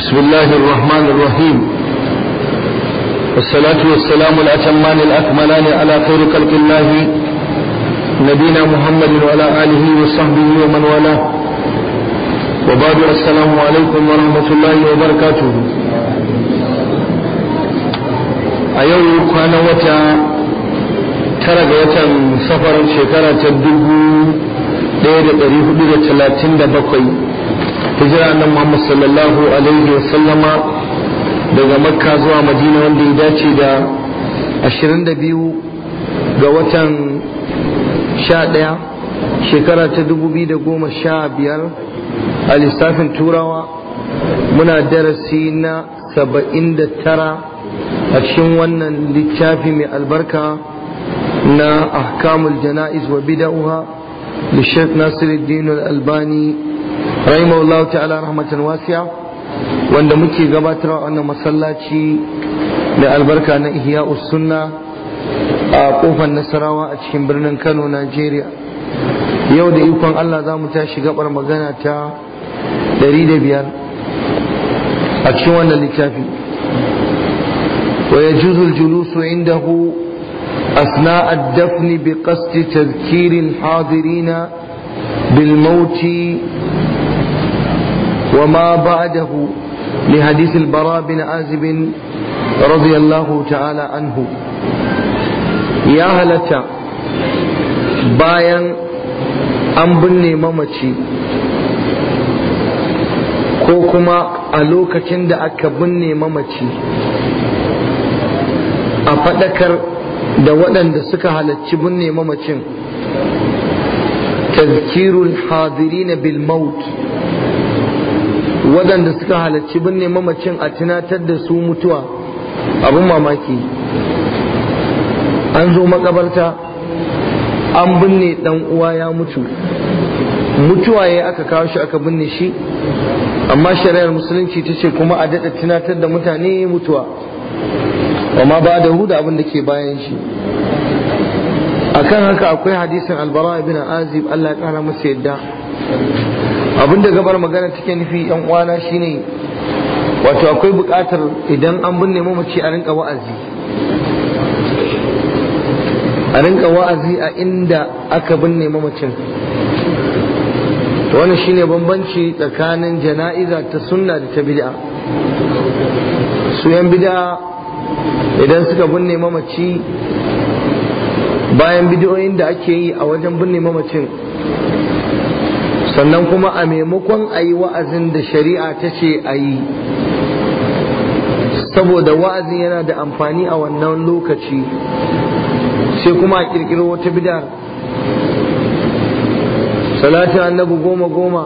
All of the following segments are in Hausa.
بسم الله الرحمن الرحيم والصلاة والسلام الأتمان الأكملان على خير خلق الله نبينا محمد وعلى آله وصحبه ومن والاه وبعد السلام عليكم ورحمة الله وبركاته أيوه كان وتا ترى وتا سفر شكرة الدبو ɗaya da ɗari hudu da talatin da bakwai hijira nan Muhammad sallallahu alaihi wa sallama daga makka zuwa madina wanda ya dace da 22 ga watan 11 shekara ta 2015 a lissafin turawa muna darasi na 79 a cikin wannan littafi mai albarka na ahkamul jana'iz wa bida'uha للشيخ ناصر الدين الألباني rahimahullahu ta'ala rahmatan wasiya wanda muke gabatarwa wannan masallaci da albarka na ihya sunna a kofar nasarawa a cikin birnin kano najeriya yau da ikon allah za mu tashi gabar magana ta biyar a cikin wannan littafi wa ya juzul julusu indahu أثناء الدفن بقصد تذكير الحاضرين بالموت وما بعده لحديث البراء بن عازب رضي الله تعالى عنه يا هلتا bayan an binne mamaci ko kuma a lokacin da aka binne mamaci a faɗakar da waɗanda suka halarci binne mamacin tazkirul Hadirina bil maut waɗanda suka halarci binne mamacin a tunatar da su mutuwa abin mamaki an zo makabarta an binne ɗan uwa ya mutu mutuwa ya aka kawo shi aka binne shi amma shari'ar musulunci ta ce kuma a daɗa tunatar da mutane mutuwa amma ba da huda abin da ke bayan shi akan haka akwai hadisin albara ibn azib Allah ya kara masa yadda abin da gabar magana take nufi yan uwana shine wato akwai bukatar idan an binne mamaci a rinka wa'azi a rinka wa'azi a inda aka binne mamacin wannan shine bambanci tsakanin jana'iza ta sunna da ta bid'a su yan bid'a idan suka binne mamaci bayan bidiyoyin da ake yi a wajen binne mamacin sannan kuma a maimakon a yi wa'azin da shari'a ta ce a yi saboda wa'azin yana da amfani a wannan lokaci sai kuma a kirkiro wata bidar salatin annabi goma goma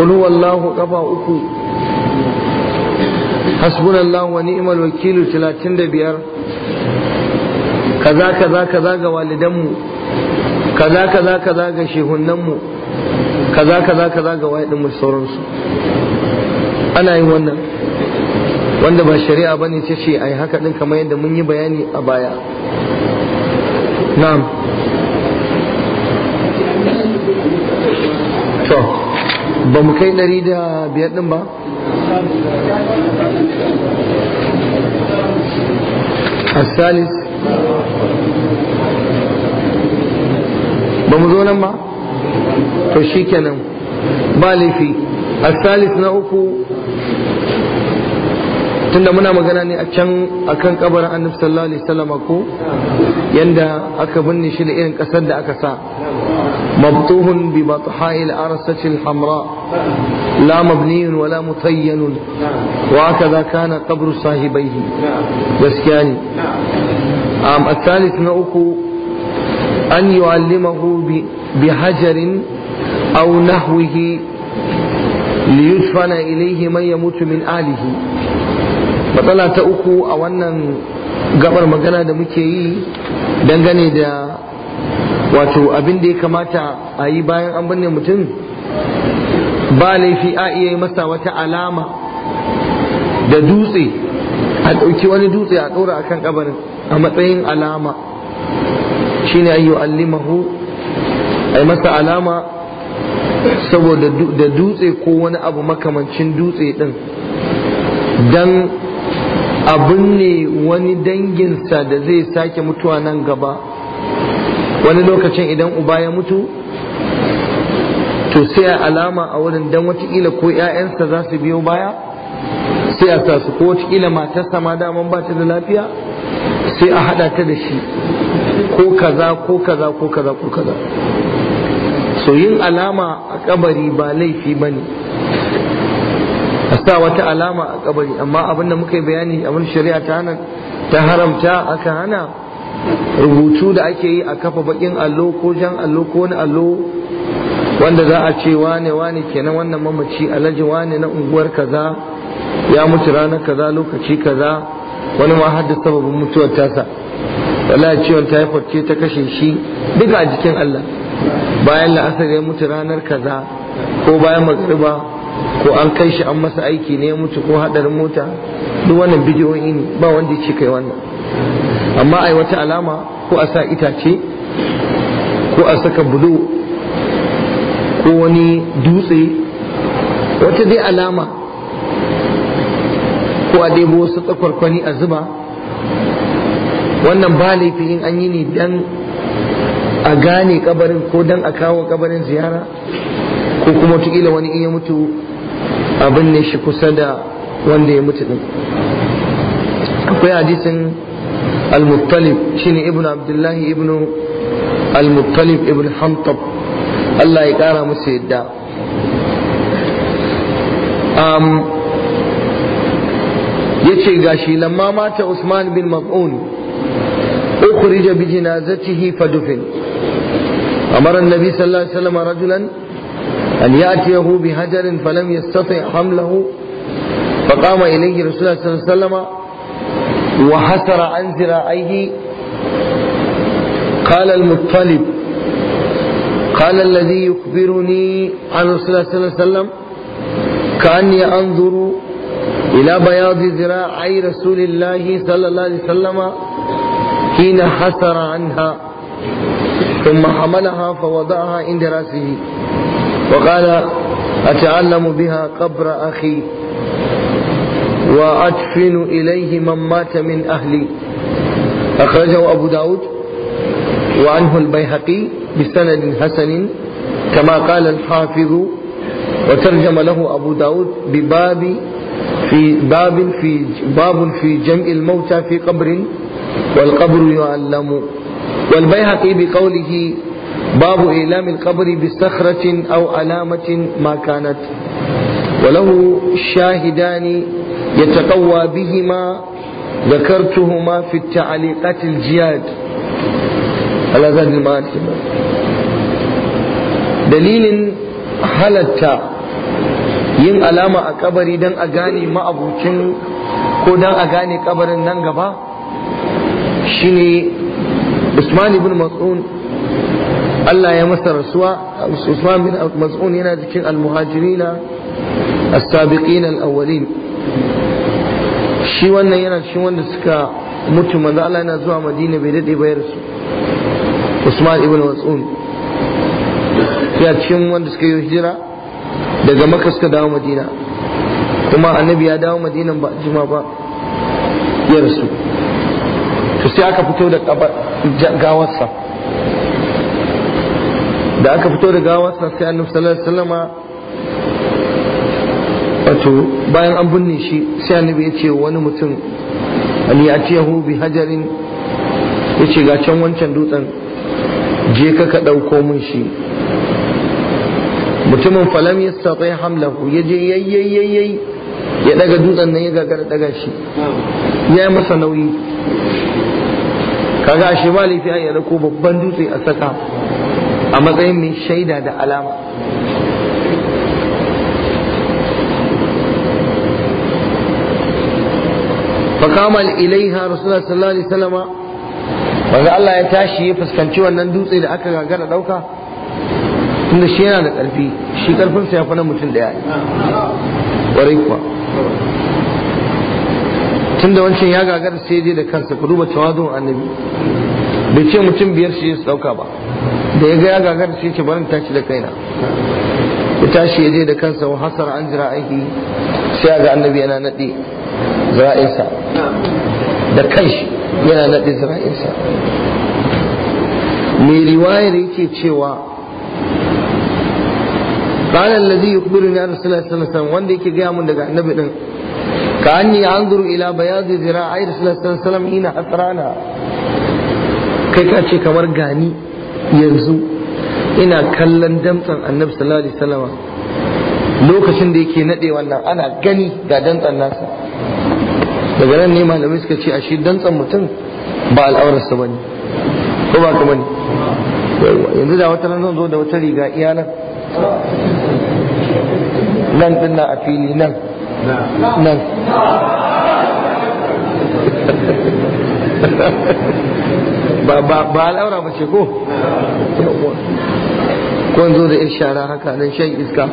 kulu wallahu kafa uku hasbunallahu wa ni'mal wakilu talatin da biyar kaza kaza kaza ga walidanmu kaza kaza kaza ga shehunanmu kaza kaza kaza ga wayadin mu sauransu ana yin wannan wanda ba shari'a ba ne ce a yi haka ɗin kamar yadda mun yi bayani a baya na'am to ba mu kai ɗari da biyar ɗin ba A salis ba mu zo nan ba to shikenan ba laifi asalis na uku tunda muna magana ne a can akan kabarin annabi sallallahu alaihi wasallam ko yanda aka binne shi da irin kasar da aka sa مبطوه ببطحاء الأرسة الحمراء لا مبني ولا متين وهكذا كان قبر صاحبيه بس يعني الثالث أن يعلمه بحجر أو نحوه ليدفن إليه من يموت من آله matsala ta uku a wannan gabar magana da muke yi dangane da wato abin da ya kamata a yi bayan an binne mutum ba laifi a iya yi masa wata alama da dutse a ɗauki wani dutse a ɗora a kan kabarin a matsayin alama shine an yu'allimahu ai masa alama saboda da dutse ko wani abu makamancin dutse din dan abin ne wani danginsa da zai sake mutuwa nan gaba wani lokacin idan uba ya mutu to sai a alama a wurin dan watakila ko 'ya'yansa za su biyo baya sai a sasu ko watakila matarsa ma daman ba ta da lafiya sai a haɗa ta da shi ko kaza ko kaza ko kaza ko kaza so yin alama a kabari ba laifi ba ne a sa wata alama a kabari amma abin da muka yi bayani abin shari'a ta nan ta haramta aka hana rubutu da ake yi a kafa bakin allo ko jan allo ko wani allo wanda za a ce wane wane kenan wannan mamaci alhaji wane na unguwar kaza ya mutu ranar kaza lokaci kaza wani ma haddasa sababin mutuwar tasa wala ciwon typhoid ce ta kashe shi duka a jikin Allah bayan la'asar ya mutu ranar kaza ko bayan magriba ko an kai shi an masa aiki ne ya mutu ko hadarin mota duk wannan bidiyoyi ne ba wanda ya ce kai wannan amma ai wata alama ko a sa itace ko a saka bulo ko wani dutse wata dai alama ko a debo wasu tsakwarkwani a zuba wannan ba laifi in an yi ne dan a gane kabarin ko dan a kawo kabarin ziyara ko kuma tukila wani iya mutu abin ne shi kusa da wanda ya mutu din akwai hadisin al-muttalib shine ibnu abdullahi ibnu al-muttalib ibnu hamtab Allah ya kara musu yadda ce gashi lamma mata Usman bin Mab'un أخرج بجنازته فدفن أمر النبي صلى الله عليه وسلم رجلا أن يأتيه بهجر فلم يستطع حمله فقام إليه رسول الله صلى الله عليه وسلم وحسر عن ذراعيه قال المطلب قال الذي يخبرني عن رسول الله صلى الله عليه وسلم كأني أنظر إلى بياض ذراعي رسول الله صلى الله عليه وسلم حين حسر عنها ثم حملها فوضعها عند راسه وقال أتعلم بها قبر أخي وأدفن إليه من مات من أهلي أخرجه أبو داود وعنه البيهقي بسند حسن كما قال الحافظ وترجم له أبو داود بباب في باب في باب في جمع الموتى في قبر والقبر يعلم والبيهقي بقوله باب إيلام القبر بصخرة أو علامة ما كانت وله شاهدان يتقوى بهما ذكرتهما في التعليقات الجياد على ذات المآتم دليل halatta yin alama a kabari don a gane ma'abucin ko don a gane kabarin nan gaba shine Usman ibn Mas'un Allah ya masa rasuwa Usman Ibn Mas'un yana cikin al-muhajirina as-sabiqin al-awwalin shi wannan yana cikin wanda suka mutu manzo Allah yana zuwa Madina bai dade bayar su Usman ibn Mas'un ya cikin wanda suka yi hijira daga Makka suka dawo Madina kuma annabi ya dawo Madina ba juma ba ya rasu to sai aka fito da gawarsa da aka fito da gawarsa sai annabi sallallahu alaihi wasallama wato bayan an binne shi sai annabi ya ce wani mutum ali ce hu bi hajarin ya ce ga can wancan dutsen je ka ka dauko mun shi mutumin falam ya saƙai hamlahu ya je yayyayyayi ya daga dutsen nan ya gagara daga shi ya yi masa nauyi kaga shi ba laifi a babban dutse a saka a matsayin mai shaida da alama فقام ilaiha rasulullah sallallahu alaihi الله wanda Allah ya tashi ya fuskanci wannan dutse da aka gagara dauka tunda shi yana da karfi shi ƙarfinsa ya fi na mutum ɗaya ƙwarai kuwa tunda wancan ya gagar sai je da kansa ku duba tawadun annabi bai ce mutum biyar shi su dauka ba da ya ga ya gagara sai ce barin tashi da kaina ya tashi ya je da kansa wa hasar an jira aiki sai ga annabi yana nadi zira'insa da kanshi yana nadi zira'insa mai riwayar yake cewa قال الذي يخبرني عن رسول الله صلى الله عليه وسلم وان ديكي قيام daga annabi din كأني أنظر إلى بياض ذراعي رسول الله صلى الله عليه وسلم حين حسرانا كيف أتشي كمر غاني ينزو إنا كلن دمتا النبي صلى الله عليه وسلم lokacin da yake nade wannan ana gani ga dantsan nasa daga nan ne malamai suka ce ashe dantsan mutum ba al'aurarsa ba ne ko ba kuma ne yanzu da wata zan zo da wata riga iya nan nan din a fili nan nan ba al'aura ba ce ko kun zo da ishara haka nan shan iska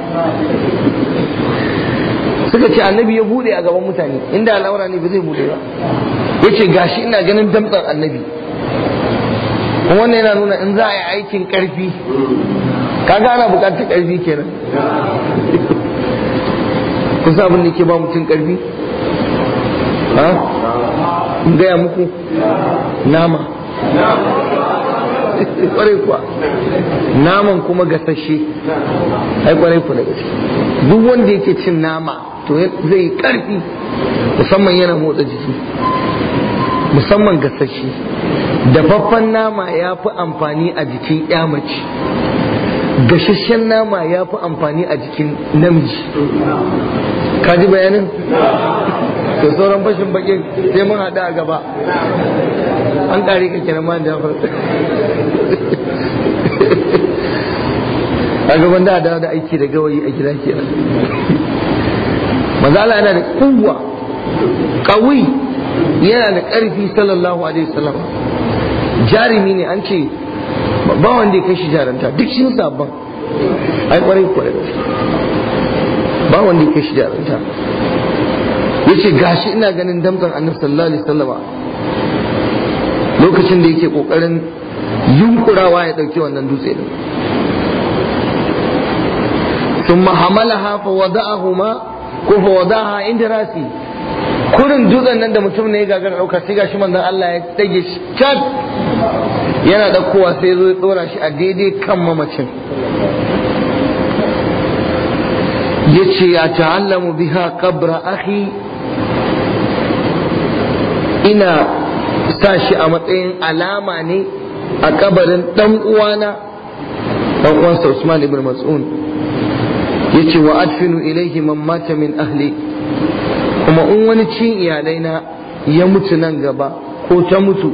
suka ce annabi ya bude a gaban mutane inda al'aura ne ba zai bude ba ya ce gashi ina ganin damtsar annabi wannan yana nuna in za a yi aikin karfi kaga ana bukatar karfi kenan kun sa abin da ke ba mutum karfi ha in gaya muku nama kwarai kuwa naman kuma gasashe ai kwarai kuwa da gaske duk wanda yake cin nama to zai yi karfi musamman yana motsa jiki musamman gasashe dafaffen nama ya fi amfani a jikin mace gashashen nama ya fi amfani a jikin namiji ka ji bayanin da sauran fashin bakin sai mun haɗu a gaba an ƙari ka kira ma jafar a gaban da da aiki da gawayi a gida ke mazala yana da kuwa Kawai yana da ƙarfi sallallahu alaihi wasallam jarumi ne an ce ba wanda ya kai shi jaranta duk shi sabon ai kwarai kwarai ba wanda ya kai shi jaranta ce gashi ina ganin damtar annabi sallallahu alaihi wasallama lokacin da yake kokarin yunkurawa ya dauke wannan dutse din ثم حملها فوضعهما ko fa wadaha inda rasi kurin dutsen nan da mutum ne gagar ɗauka sai gashi manzon Allah ya dage shi cat yana ɗaukowa sai zo ya ɗora shi a daidai kan mamacin ya ce ya ta'allamu biha kabra ahi ina sa shi a matsayin alama ne a kabarin ɗan uwana ɗan uwansa Usman ibn Mas'un ce wa adfinu ilaihi man min ahli kuma in wani cin na ya mutu nan gaba ko ta mutu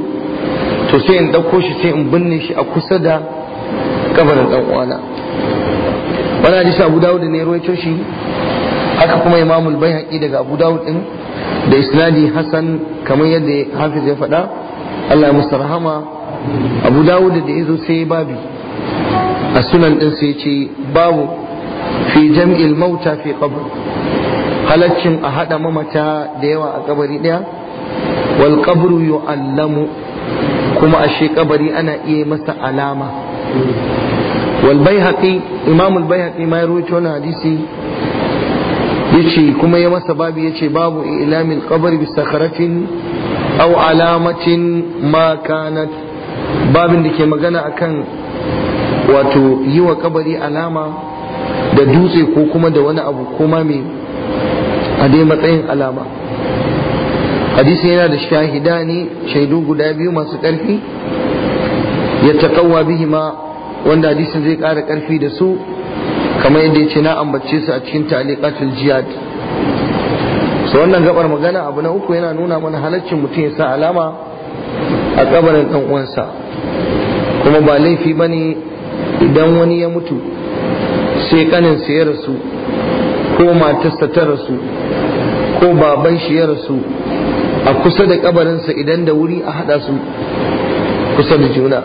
to sai in dauko shi sai in binne shi a kusa da kabarin dan uwana wani hadisi abu dawud ne ruwaito shi haka kuma imamul bayhaqi daga abu dawud din da isnadi hasan kamar yadda hafiz ya faɗa Allah ya rahama abu dawud da yazo sai babi a sunan din sai ce babu fi jam'il mauta fi qabr halaccin a hada mamata da yawa a kabari ɗaya wal qabru allamu. kuma ashe kabari ana iya masa alama wal imamul imam al baihaqi ma rawaito wannan hadisi yace kuma ya masa babu yace babu ilamin qabr bisa karafin aw alamatin babin da ke magana akan wato yi wa kabari alama da dutse ko kuma da wani abu kuma mai a dai matsayin alama hadisi yana da shahida ne shaidu guda biyu masu ƙarfi ya taƙawa bihima wanda hadisin zai ƙara ƙarfi da su kamar yadda ya ce na ambace su a cikin taliqatul jihad so wannan gabar magana abu na uku yana nuna mana halaccin mutum ya sa alama a kabarin ɗan uwansa kuma ba laifi bane idan wani ya mutu sai kanin ya rasu ko matarsa ta rasu ko baban shi ya rasu a kusa da kabarinsa idan da wuri a hada su kusa da juna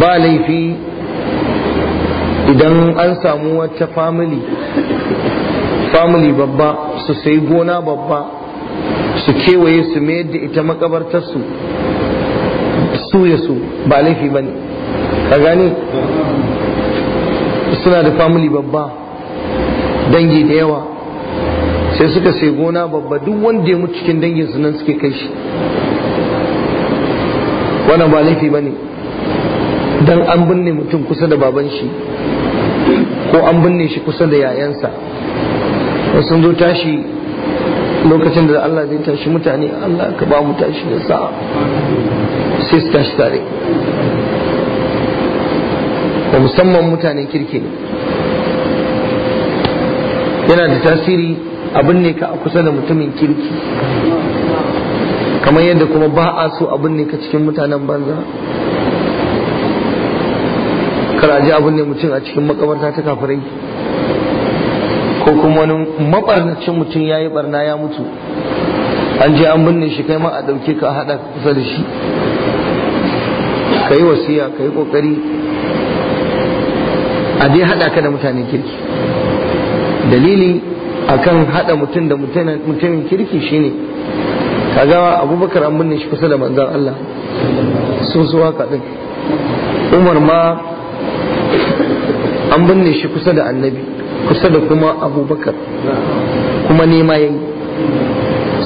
ba laifi idan an samu wata famili, family babba su sai gona babba su kewaye su mayar da ita makabartarsu su ya su ba laifi ba ne ka gane suna da famili babba dangi da yawa sai suka sai gona babba duk wanda ya mutu cikin dangin sunan nan suke kai shi wannan ba laifi bane dan an binne mutum kusa da baban shi ko an binne shi kusa da yayansa sun zo tashi lokacin da Allah zai tashi mutane Allah ka ba mu tashi da sa'a sai su tashi tare ba musamman mutanen kirki ne yana da tasiri abin ne ka a kusa da mutumin kirki kamar yadda kuma ba a so abin ne ka cikin mutanen banza karaji abin ne mutum a cikin makabarta ta kafirai ko kuma wani mabarnacin mutum ya yi barna ya mutu an je an binne shi kai ma a ɗauke ka haɗa kusa da shi ka yi wasiya ka yi ƙoƙari a dai haɗa ka da mutane kirki dalili akan hada mutum da mutumin kirki shine kaga abubakar an binne shi kusa da manzan Allah sun su waka din umar ma an binne shi kusa da annabi kusa da kuma abubakar kuma nema ya yi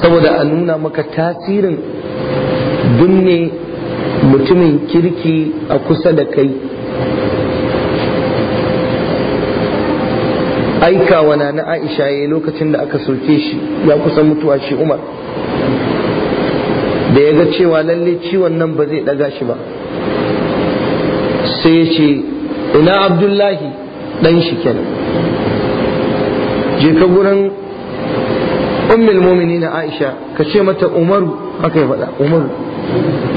saboda a nuna maka tasirin binne mutumin kirki a kusa da kai aikawa na na aisha ya yi lokacin da aka soke shi ya kusa mutuwa shi umar da ya ga cewa lalle ciwon nan ba zai ɗaga shi ba sai ya ce ina abdullahi ɗan shi kenan je ka gurin ummul na aisha ka ce mata umaru haka ya faɗa umaru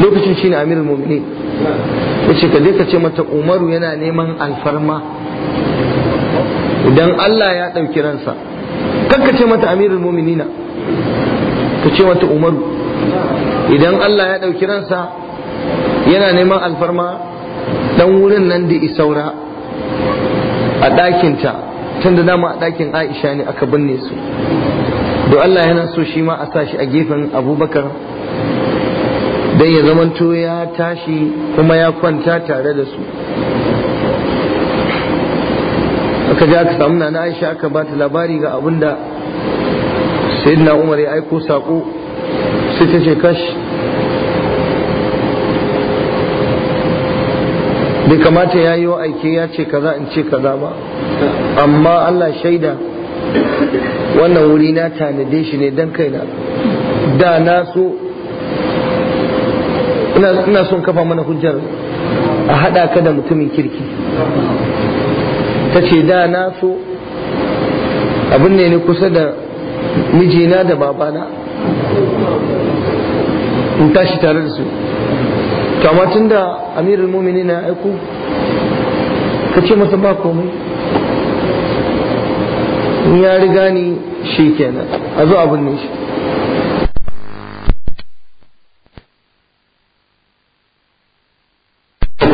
lokacin ne amirul mu'minin yace ka je ka ce mata umaru yana neman alfarma idan Allah ya ɗauki ransa ka ce mata amirul muminina ka ce mata umaru idan Allah ya ɗauki ransa yana neman alfarma ɗan wurin nan da isaura a ɗakinta tun da dama a ɗakin aisha ne aka binne su don Allah yana so shi ma a sa shi a gefen abubakar don ya zamanto ya tashi kuma ya kwanta tare da su aka ja aka samu na aisha aka ba ta labari ga abin da na umar ya aiko sako sai ta ce kashi bai kamata ya yi wa aike ya ce kaza in ce kaza ba amma Allah shaida wannan wuri na tanade shi ne don kaina da na so ina son kafa mana hujjar a haɗa ka da mutumin kirki ta ce da na so abin ne ni kusa da mijina da babana in tashi tare da su amma tun da amirul mumini na aiku ka ce masa ba komai in ya riga ni shi kenan a zo abin ne shi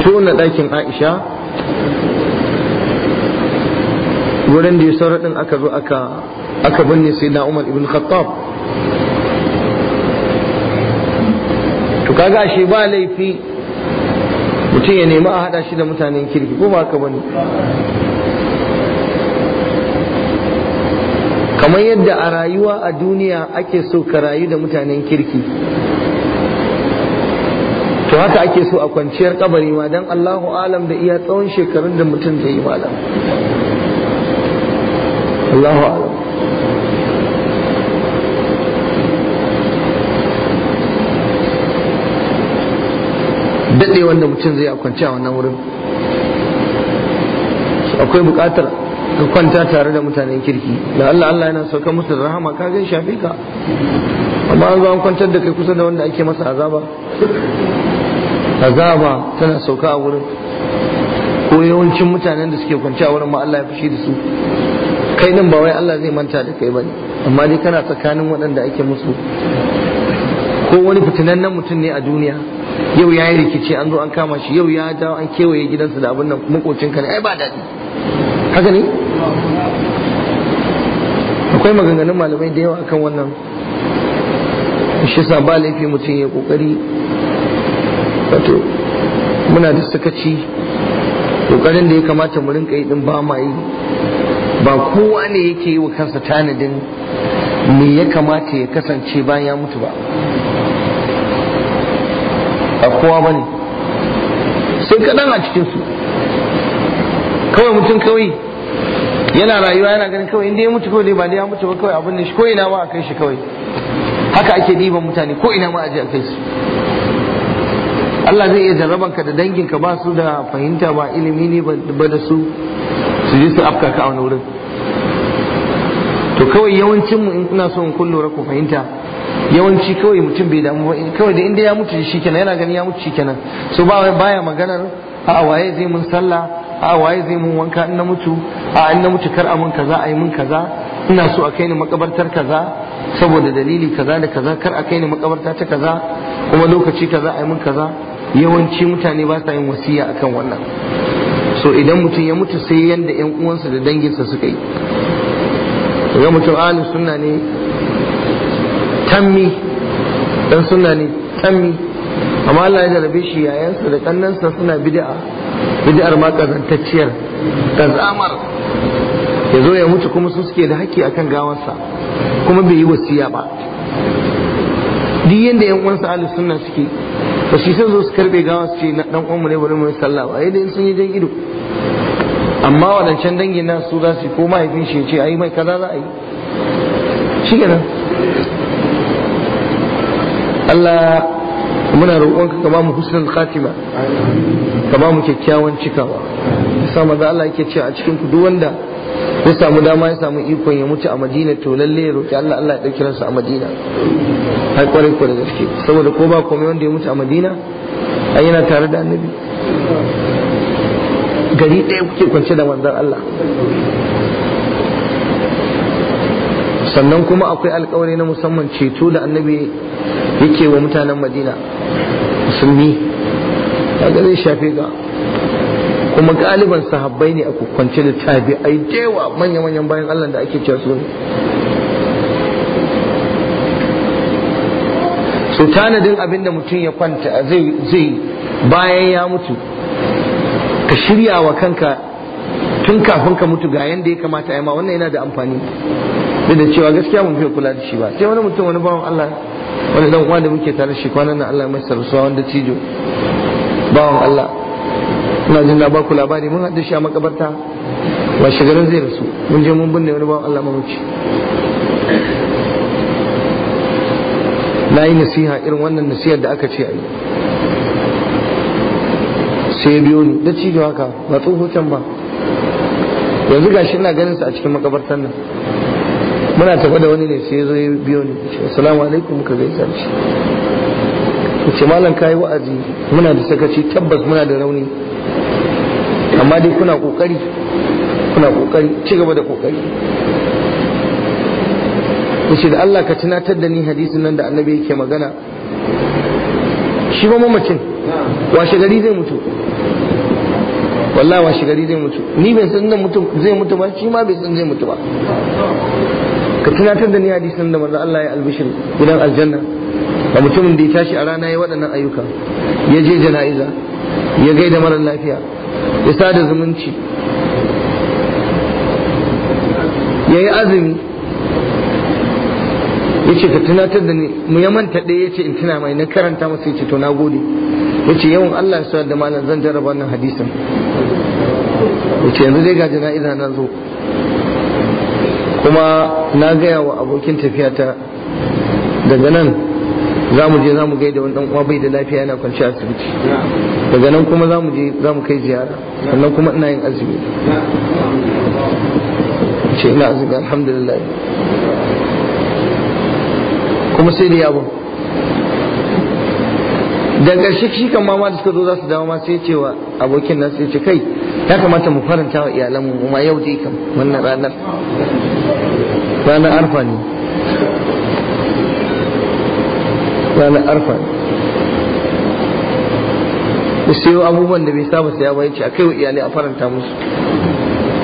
tona ɗakin aisha wurin da ya saura din aka zo aka aka binne sai na umar ibn khattab to kaga shi ba laifi mutum ya nemi a hada shi da mutanen kirki ko ba ka bane kamar yadda a rayuwa a duniya ake so ka rayu da mutanen kirki to haka ake so a kwanciyar kabari ma don allahu alam da iya tsawon shekarun da mutum zai yi malam الله a'lam daɗe wanda mutum zai kwanci a wannan wurin akwai buƙatar ka kwanta tare da mutanen kirki da Allah Allah yana sauka musu da rahama ka gan shafe ka amma an zo an kwantar da kai kusa da wanda ake masa azaba azaba tana sauka a wurin ko yawancin mutanen da suke kwanci a wurin ma Allah ya fushi da su kai nan ba wai Allah zai manta da kai bane amma dai kana tsakanin waɗanda ake musu ko wani nan mutum ne a duniya yau ya yi rikici an zo an kama shi yau ya dawo an kewaye gidansa da abin nan ka ne ai ba daɗi haka ne akwai maganganun malamai da yawa akan wannan shi sa ba laifi mutum ya kokari wato muna da sakaci kokarin da ya kamata mu rinka yi din ba ma yi ba kowa ne yake yi wa kansa tanadin me ya kamata ya kasance bayan ya mutu ba a kowa ba ne sai kaɗan a cikinsu kawai mutum kawai yana rayuwa yana ganin kawai inda ya mutu kawai ba da ya mutu ba kawai abin da shi ko ina ma a kai shi kawai haka ake ɗiban mutane ko ina ma a je a kai su Allah zai iya jarraban ka da danginka ba su da fahimta ba ilimi ne ba da su su ji su afka ka a wani wurin to kawai yawancin mu in kuna so in kullu ku fahimta yawanci kawai mutum bai damu ba kawai da inda ya mutu shi kenan yana gani ya mutu shi kenan so ba baya maganar a waye zai mun sallah a waye zai mun wanka in na mutu a in na mutu kar a mun kaza a yi mun kaza ina so a kai ni makabartar kaza saboda dalili kaza da kaza kar a kai ni makabarta ta kaza kuma lokaci kaza a yi mun kaza yawanci mutane ba sa yin wasiya akan wannan so idan mutum ya mutu sai yanda yan uwansa da danginsa suka yi ga mutum alin suna ne tammi dan suna ne tammi amma Allah ya jarabe shi yayansa da kannansa suna bid'a bid'ar ma kazantacciyar kazamar ya zo ya mutu kuma su suke da haƙƙi akan gawarsa kuma bai yi wasiya ba duk yanda yan uwansa ahlus suna suke ba shi sai zo su karbe gawa su ce na dan uwanmu ne bari mu sallah ba yayin sun yi jan ido amma wadancan dangin nan su za su ko mahaifin shi ce ayi mai kaza za a yi shi kenan Allah muna roƙonka ka ba mu husnul khatima ka ba mu kyakkyawan cikawa sa maza Allah yake cewa a cikin ku duk wanda ya samu dama ya samu ikon ya mutu a Madina to lalle ya roƙi Allah Allah ya ɗauki ransa a Madina haikwarai kwarai ko da gaske saboda ko ba komai wanda ya mutu a Madina ai yana tare da Annabi gari ɗaya kuke kwance da manzon Allah sannan kuma akwai alkawari na musamman ceto da annabi yake wa mutanen madina musulmi kaga zai shafe ga kuma galiban sahabbai ne a kwance da tabi'ai dewa manya-manyan bayan Allah da ake cewa su ne su tanadin abin mutum ya kwanta zai bayan ya mutu ka shirya wa kanka tun kafin ka mutu ga yanda ya kamata ai ma wannan yana da amfani duk da cewa gaskiya mun fiye kula da shi ba sai wani mutum wani bawan Allah wani dan uwa da muke tare shi kwanan nan Allah ya masa rasuwa wanda cijo bawan Allah ina jin na ba ku labari mun haɗu shi a makabarta wa shigarin zai rasu mun je mun binne wani bawan Allah mamaci na yi nasiha irin wannan nasihar da aka ce a yi sai ya biyo ni da cijo haka ba can ba yanzu gashi ina ganin su a cikin makabartan nan muna tafa da wani ne sai ya zo ya biyo ni assalamu alaikum muka gaisa da shi ce malam kayi wa'azi muna da sakaci tabbas muna da rauni amma dai kuna kokari kuna kokari ci gaba da kokari yace da Allah ka tunatar da ni hadisin nan da annabi yake magana shi ba mamacin washe gari zai mutu wallahi washe gari zai mutu ni bai san zan mutu zai mutu ba shi ma bai san zai mutu ba ka tunatar da ni hadisin da manzo Allah ya albishir gidan aljanna da mutumin da ya tashi a rana ya waɗannan ayyuka ya je jana'iza ya gaida mara lafiya ya sada zumunci ya yi azumi ya ce ka tunatar da ni mu ya manta ɗaya ya ce in tuna mai na karanta masa ya ce to na gode ya ce yawan Allah ya sa da malam zan jarraba wannan hadisin yace yanzu dai ga ina na zo kuma na gaya wa abokin tafiyata daga nan za mu je za mu gaida wani uwa bai da lafiya yana kwanci asibiti daga nan kuma za mu je za mu kai ziyara sannan kuma ina yin azumi ce ina azumi alhamdulillah kuma sai da yabon da shi shi kan mama da suka zo za su dawo ma sai cewa abokin nan sai ce kai ya kamata mu faranta wa iyalanmu mu ma yau dai kam wannan ranar ranar arfa ne ranar arfa ne yau abubuwan da bai saba sai ya yace a kai wa iyalai a faranta musu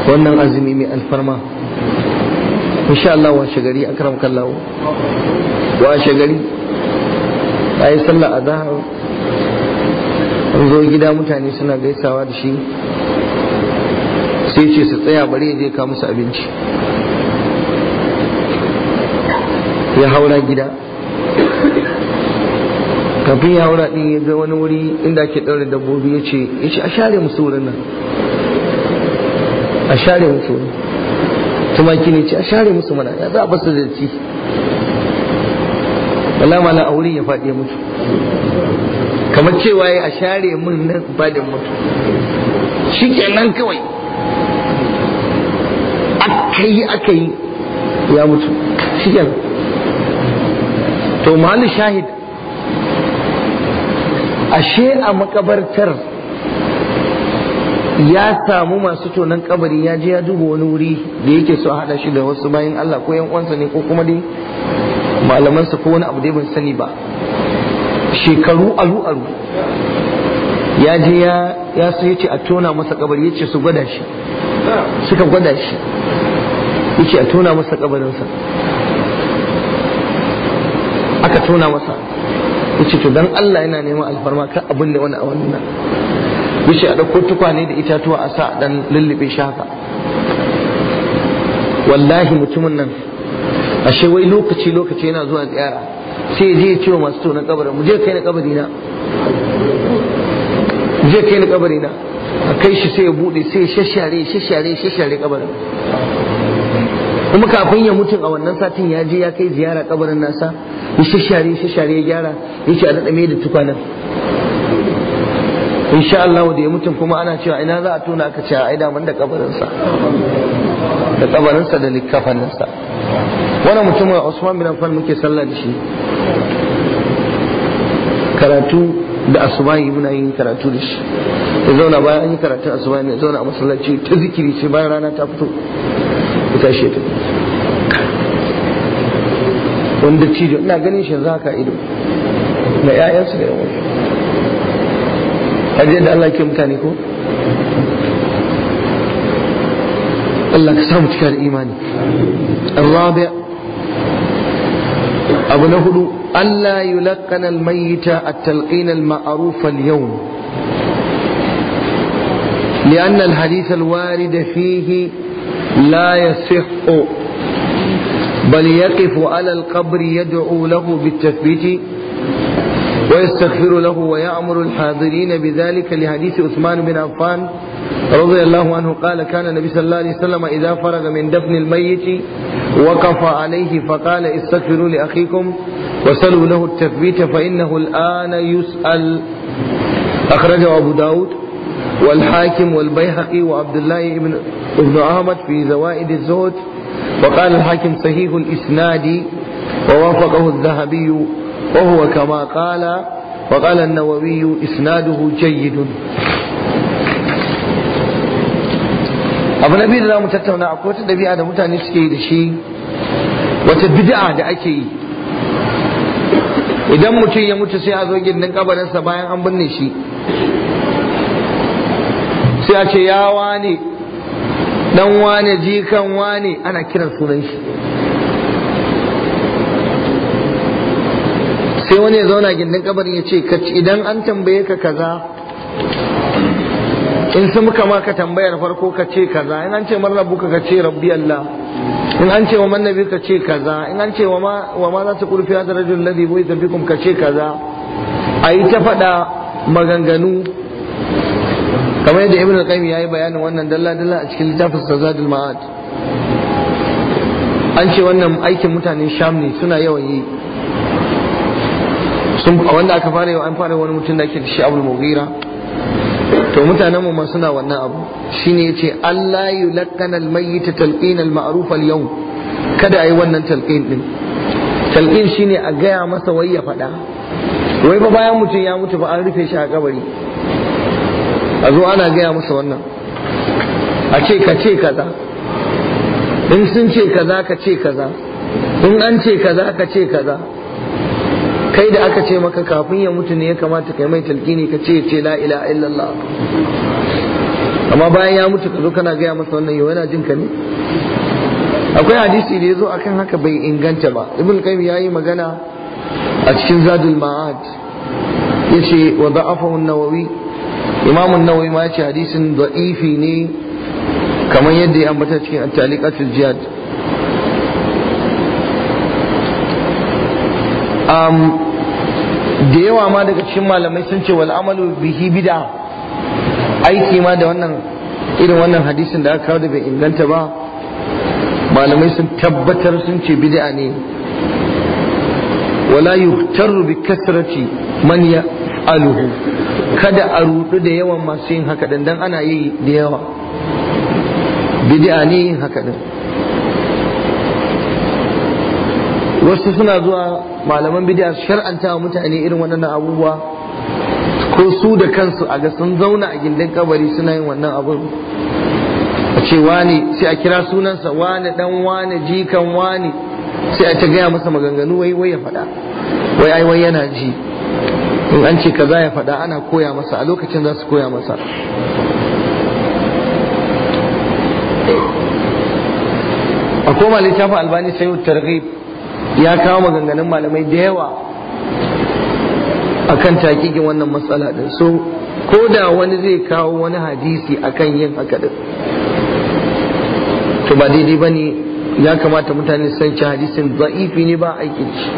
wannan azumi mai alfarma insha Allah wa shagari akram kallahu wa shagari ayi sallah azhar zo gida mutane suna gaisawa da shi sai ce su tsaya bari ya je ka musu abinci ya haura gida kafin ya haura ɗin ya ga wani wuri inda ake ɗaure dabbobi ya ce ya ce a share musu wurin nan a share musu wurin tumaki ne ce a share musu mana ya za a basu da ci alama na a wurin ya faɗi mutu kamar cewa ya a share mun nan da mutu shi kenan kawai kai yi aka yi ya mutu shi to mahallin shahid ashe a makabartar ya samu masu tonon kabari ya je ya duba wani wuri da yake so a hada shi da wasu bayan Allah ko yan uwansa ne ko kuma dai malamansa ko wani abu dai ban sani ba shekaru alu-alu alu ya je ya so yace a tona masa kabari yace su gwada shi suka gwada shi yake a tona masa kabarinsa aka tona masa yace to dan Allah yana neman alfarma kan abin da wani a wannan yace a dauko tukwane da itatuwa a sa dan lullube shi haka wallahi mutumin nan ashe wai lokaci lokaci yana zuwa ziyara sai je ya ce wa masu tonon kabarin mu je kai na kabarina je kai na kabari na a kai shi sai ya bude sai ya shashare shashare shashare kabarin kuma kafin ya mutu a wannan satin ya je ya kai ziyara kabarin nasa ya shashare shashare ya gyara ya ce a daɗa mai da in sha Allah da ya mutum kuma ana cewa ina za a tona aka ce a aida da kabarinsa da kabarinsa da likafaninsa wannan mutumin Usman bin Affan muke sallah da shi karatu da asubahi muna yin karatu da shi ya zauna bayan an yi karatun asuba ne zauna a masallaci ta zikiri sai bayan rana ta fito ya tashi ta wanda cijo ina ganin shi za ka ido na 'ya'yansu da yawan hajji da Allah ke mutane ko Allah ka samu cika da imani Abu na hudu Allah أبو نهدو ألا يلقن الميت التلقين المعروف اليوم لأن الحديث الوارد فيه لا يصح بل يقف على القبر يدعو له بالتثبيت ويستغفر له ويأمر الحاضرين بذلك لحديث عثمان بن عفان رضي الله عنه قال كان النبي صلى الله عليه وسلم إذا فرغ من دفن الميت وقف عليه فقال استغفروا لأخيكم وسلوا له التثبيت فإنه الآن يسأل أخرجه أبو داود والحاكم والبيهقي وعبد الله بن ابن أحمد في زوائد الزهد وقال الحاكم صحيح الإسناد ووافقه الذهبي وهو كما قال وقال النووي إسناده جيد abu na biyu da za mu tattauna akwai wata ɗabi'a da mutane suke yi da shi wata bid'a da ake yi idan mutum ya mutu sai a zo gindin kabarinsa bayan an binne shi ya ce ya wane dan wane jikan wane ana kiran sunan shi sai wani ya zauna gindin kabarin ya ce idan an tambaye ka kaza in sun muka maka tambayar farko ka ce kaza in an ce man rabbuka ka ce rabbi Allah in an ce wa manna biyu ka ce kaza in an ce wa ma za ta kurfi hada ladi bai buita bikum ka ce kaza a yi ta faɗa maganganu kamar yadda ibn al-qayyim yayi bayanin wannan dalla dalla a cikin littafin sazadul Ma'ad an ce wannan aikin mutanen Sham ne suna yawan yi sun wanda aka fara yau an fara wani mutum da ke da shi Abdul Mughira to mutanen mu ma suna wannan abu shine yace Allah yulaqqana al-mayyit talqin al-ma'ruf al-yawm kada ayi wannan talqin din talqin shine a gaya masa wai ya faɗa wai ba bayan mutum ya mutu ba an rufe shi a kabari a zo ana gaya musu wannan a ce ka ce kaza in sun ce kaza ka ce kaza in an ce kaza ka ce kaza kai da aka ce maka kafin ya mutu ne ya kamata kai mai talkini ka ce ce la ila illallah amma bayan ya mutu ka zo kana gaya masa wannan yau yana jin ka ne akwai hadisi da ya zo akan haka bai inganta ba ibn qayyim ya yi magana a cikin zadul ma'ad yace wa da'afahu an-nawawi imamun nawawi ma ce hadisin ifi ne kamar yadda ya ambata cikin at jihad da yawa ma daga cikin malamai sun ce wal bihi bid'a aiki ma da wannan irin wannan hadisin da aka kawo da bai inganta ba malamai sun tabbatar sun ce bid'a ne wala yuhtaru bi kasrati man ya'aluhu kada a rudu da yawan masu yin haka din dan ana yi da yawa bid'a ne yin haka din wasu suna zuwa malaman bid'a shar'anta wa mutane irin waɗannan abubuwa ko su da kansu a ga sun zauna a gindin kabari suna yin wannan abun a ce wani sai a kira sunansa wani dan wani jikan wani sai a ta gaya masa maganganu wai wai ya faɗa wai ai wai yana ji in an ce kaza ya faɗa ana koya masa a lokacin za su koya masa a koma littafin albani sai targhib ya kawo maganganun malamai da yawa akan takikin wannan matsala din so ko da wani zai kawo wani hadisi akan yin haka din to ba daidai ne ya kamata mutane san ci hadisin za'ifi ne ba aikin shi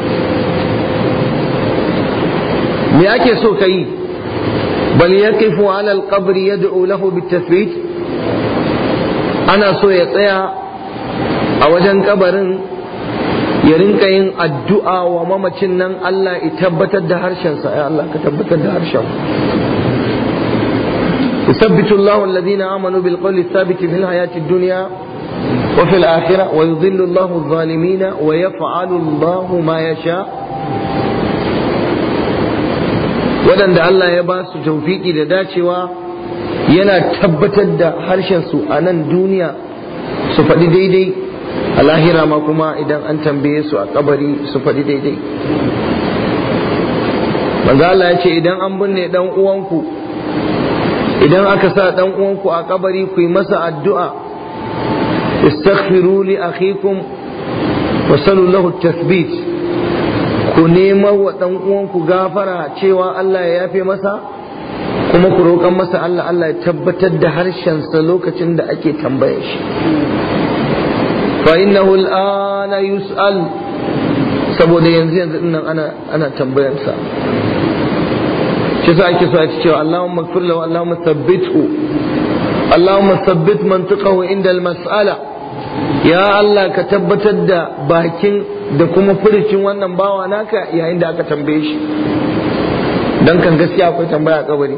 me ake so ka yi bal yaqifu ala alqabr yad'u lahu bitathbit ana so ya tsaya a wajen kabarin ya rinka yin addu'a wa mamacin nan Allah ya tabbatar da harshensa ya Allah ka tabbatar da harshen يثبت الله الذين آمنوا بالقول الثابت في الحياة الدنيا وفي الآخرة ويضل الله الظالمين ويفعل الله ما يشاء waɗanda Allah ya ba su taufiki da dacewa yana tabbatar da harshen su a nan duniya su faɗi daidai a lahira ma kuma idan an tambaye su a kabari su faɗi daidai manzo ya ce idan an binne ɗan'uwanku idan aka sa ɗan uwanku a ƙabari ku yi masa addu'a istaghfiru li akhikum wa sallu lahu tasbih ku neman wa ɗan uwanku gafara cewa Allah ya yafe masa kuma ku roƙan masa Allah Allah ya tabbatar da harshensa lokacin da ake tambayar shi fa innahu al'ana yus'al saboda yanzu yanzu dinnan ana ana tambayar sa shi ake so a cewa Allahumma kullu wa Allahumma thabbithu Allahumma thabbit mantiqahu inda al-mas'ala ya Allah ka tabbatar da bakin da kuma furucin wannan bawa naka yayin da aka tambaye shi don kan gaskiya akwai tambaya a kabari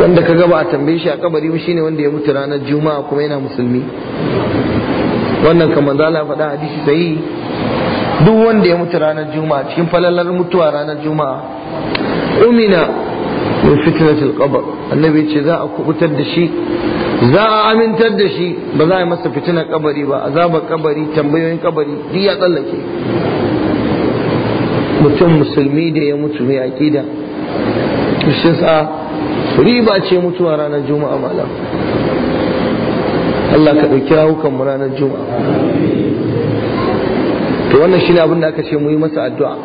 wanda ka gaba a tambaye shi a kabari shi shine wanda ya mutu ranar juma'a kuma yana musulmi wannan kamar zala faɗa hadisi sai duk wanda ya mutu ranar juma'a cikin falalar mutuwa ranar juma'a umina min fitnatul qabr annabi ce za a kubutar da shi za a amintar da shi ba za a yi masa fitinar kabari ba azabar kabari tambayoyin kabari duk ya tsallake mutum musulmi da ya mutu mai aƙida shi sa riba ce mutuwa ranar juma'a malam Allah ka ɗauki rahukan mu ranar juma'a to wannan shi ne abin da aka ce mu yi masa addu'a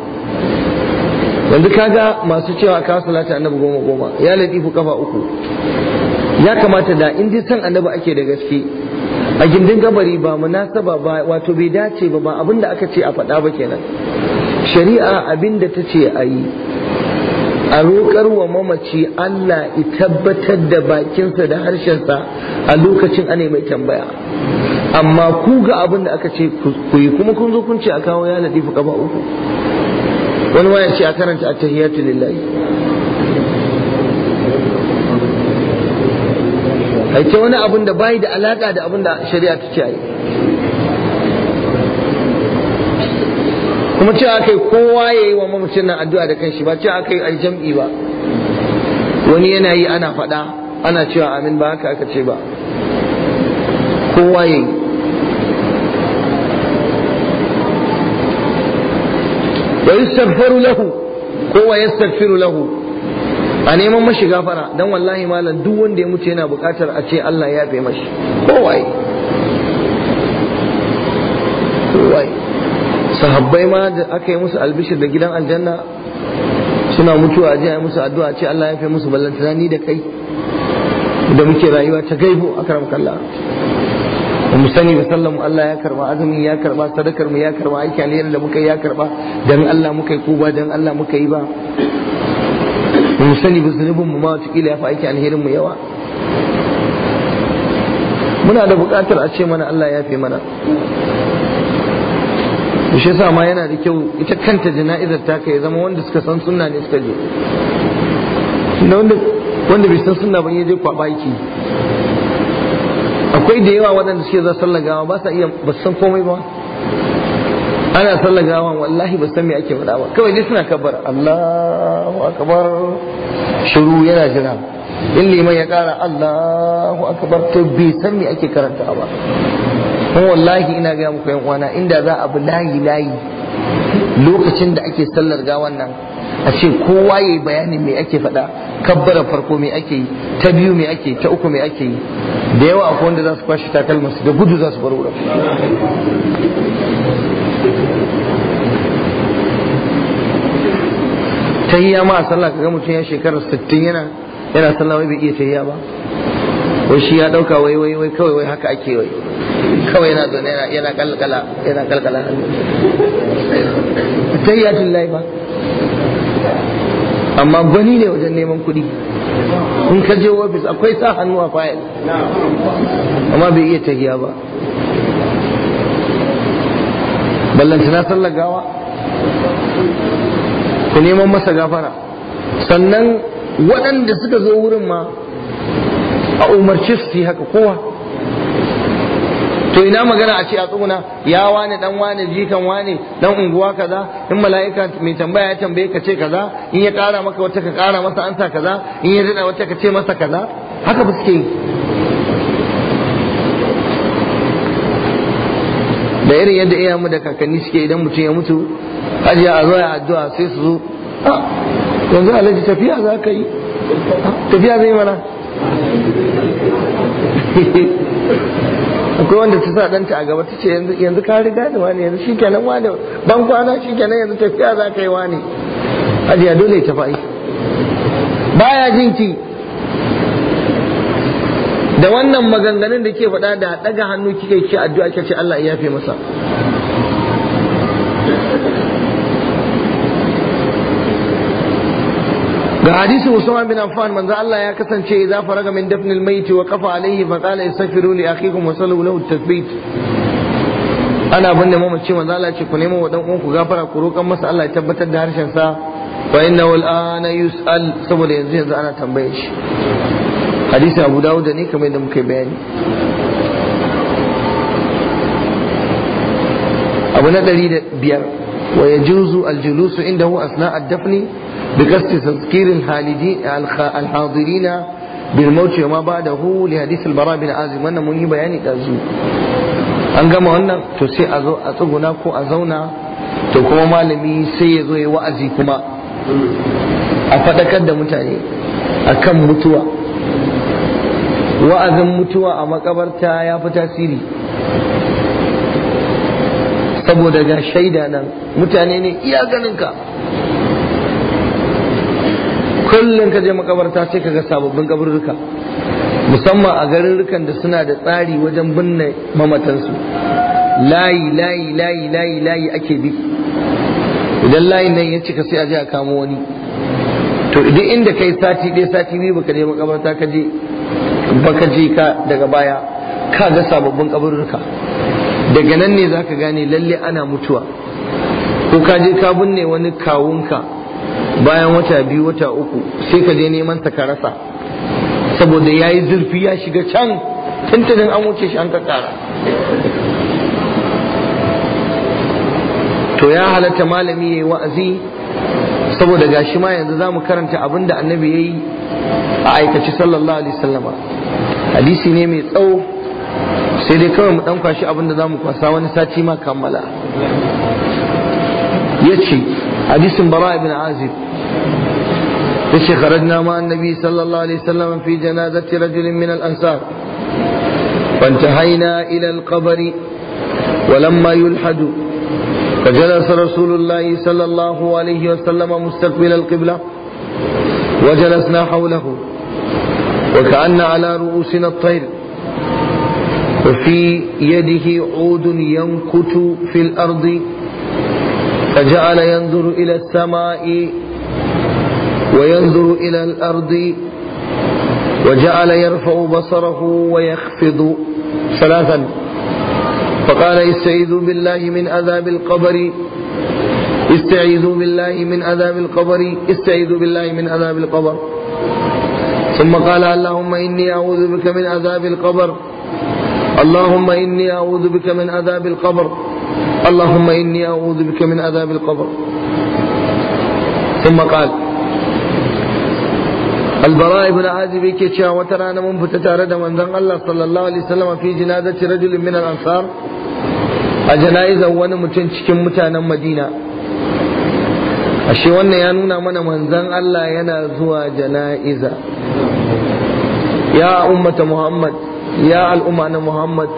yanzu kaga masu cewa ka salati annabi goma goma ya ladifu kafa uku ya kamata da in dai san annabi ake da gaske a gindin gabari ba munasaba ba wato bai dace ba ba abin aka ce a faɗa ba kenan shari'a abinda da ta ce a yi a roƙar wa mamaci Allah Itabbatar tabbatar da bakinsa da harshensa a lokacin ana mai tambaya amma ku ga abin aka ce ku yi kuma kun zo kun ce a kawo ya ladifu kaba uku wani waya ce a karanta a tahiyyatu lillahi a ce wani abun da bai da alaƙa da abun da shari'a ta ce yi kuma cewa aka yi kowa ya yi wa mamacin nan addu'a da kanshi ba cewa aka yi a jam'i ba wani yana yi ana faɗa ana cewa amin ba haka aka ce ba kowa ya yi wa yastaghfiru lahu kowa ya lahu a neman mashi gafara dan wallahi malam duk wanda ya mutu yana buƙatar a ce Allah ya fi mashi kowai kowai sahabbai ma da aka yi musu albishir da gidan aljanna suna mutuwa je yi musu addu'a ce Allah ya fi musu ballantana ni da kai da muke rayuwa ta gaibu a karam kalla mu sani ba sallan Allah ya karba azumin ya karba sadakar mu ya karba aiki alheri da muka yi ya karba dan Allah muka yi kuba ba dan Allah muka yi ba mun sani ba zunubin mu ma kila ya fi aiki alherin mu yawa muna da buƙatar a ce mana Allah ya fi mana shi yasa ma yana da kyau ita kanta jana'izar ta kai zama wanda suka san sunna ne suka je wanda bai san sunna ba je kwaba yake akwai da yawa waɗanda suke za sallar gawa ba sa iya ba san komai ba ana sallar gawan wallahi ba san me ake faɗa ba kawai dai suna kabar Allahu akbar shiru yana jira in liman ya kara Allahu akbar to bai san me ake karanta ba kuma wallahi ina ga muku yan uwana inda za a bi layi layi lokacin da ake sallar gawan nan a ce kowa ya yi bayanin me ake faɗa kabbara farko me ake yi ta biyu me ake ta uku me ake yi da yawa akwai wanda za su kwashe takalmasu da gudu za su bar wurin tahiyya ma a sallah kaga mutum ya shekarar 60 yana yana sallah wai bai iya tahiyya ba wai shi ya dauka wai wai wai kawai wai haka ake wai kawai yana zaune yana yana kalkala yana kalkala tahiyyatul lahi ba amma gwani ne wajen neman kuɗi in ka je ofis akwai sa hannu a fayil amma bai iya tahiya ba na sallar gawa ku neman masa gafara sannan waɗanda suka zo wurin ma a umarci su yi haka kowa to ina magana a ce a tsuguna ya wane dan wane jikan wane dan unguwa kaza in mala'ika mai tambaya ya tambaye ka ce kaza in ya kara maka wata ka kara masa ansa kaza in ya rina wata ka ce masa kaza haka ba suke yi da irin yadda iyayenmu da kakanni suke idan mutum ya mutu aji a zo ya addu'a sai su zo ah, yanzu alhaji tafiya za ka yi tafiya zai mana akwai wanda ta sa danta a gaba ta ce yanzu ka riga da wani yanzu shi kenan wani ban kwana shi kenan yanzu tafiya za ka yi wani ajiya dole ta fa'i baya jinki da wannan maganganun da ke faɗa da ɗaga hannu kike ki addu'a kike ce Allah ya yafe masa hadisin Usman bin Affan manzo Allah ya kasance idza raga min dafnil mayyit wa kafa alayhi fa qala istaghfiru li akhikum wa sallu lahu tathbit ana binne mamaci manzo Allah ce ku nemo wa dan ku gafara ku roƙan masa Allah ya tabbatar da harshen sa fa innahu al'ana yus'al saboda yanzu yanzu ana tambaye shi hadisin Abu Dawud ne kuma yadda muka bayani abu na ɗari da biyar wa yajuzu al-julusu indahu asna ad-dafni بقصد تذكير الحالدين الحاضرين بالموت وما بعده لحديث البراء بن عازم wannan mun yi bayani dazu an gama wannan to sai a zo tsuguna ko a zauna to kuma malami sai ya zo ya wa'azi kuma a faɗakar da mutane akan mutuwa wa'azin mutuwa a makabarta ya fi tasiri saboda ga shaida nan mutane ne iya ganinka kullum ka je makabarta sai ka ga sababbin kaburruka musamman a rukan da suna da tsari wajen binne mamatansu layi layi layi layi layi ake bi idan layin nan ya cika sai a je a kamo wani to idan inda kai sati ɗaya sati biyu baka je makabarta ka je baka je ka daga baya ka ga sababbin kaburruka daga nan ne zaka gane lalle ana mutuwa ko ka je ka binne wani kawunka bayan wata biyu wata uku sai ka je neman ta ka rasa saboda ya yi zurfi ya shiga can tuntunin an wuce shi an ka kara. to ya halatta malami ya yi wa'azi saboda gashi ma yanzu za mu karanta abin da annabi ya yi a aikaci sallallahu alaihi sallama hadisi ne mai tsawo sai dai kawai mu ɗan kwashi abin da za mu kwasa wani sati ma kammala ya ce hadisin bara ibn azib إيش خرجنا مع النبي صلى الله عليه وسلم في جنازة رجل من الأنصار فانتهينا إلى القبر ولما يلحد فجلس رسول الله صلى الله عليه وسلم مستقبل القبلة وجلسنا حوله وكأن على رؤوسنا الطير وفي يده عود ينكت في الأرض فجعل ينظر إلى السماء وينظر إلى الأرض وجعل يرفع بصره ويخفض ثلاثا فقال استعيذوا بالله من عذاب القبر استعيذوا بالله من عذاب القبر استعيذوا بالله من عذاب القبر ثم قال اللهم إني أعوذ بك من عذاب القبر اللهم إني أعوذ بك من عذاب القبر اللهم إني أعوذ بك من عذاب القبر ثم قال البراء بن عازب yake cewa wata rana mun fita tare da manzon Allah sallallahu alaihi wasallam fi janazati rajulin min al-ansar a jana'izar wani mutum cikin mutanen Madina ashe wannan ya nuna mana manzon Allah yana zuwa jana'iza ya ummata Muhammad ya al'umma na Muhammad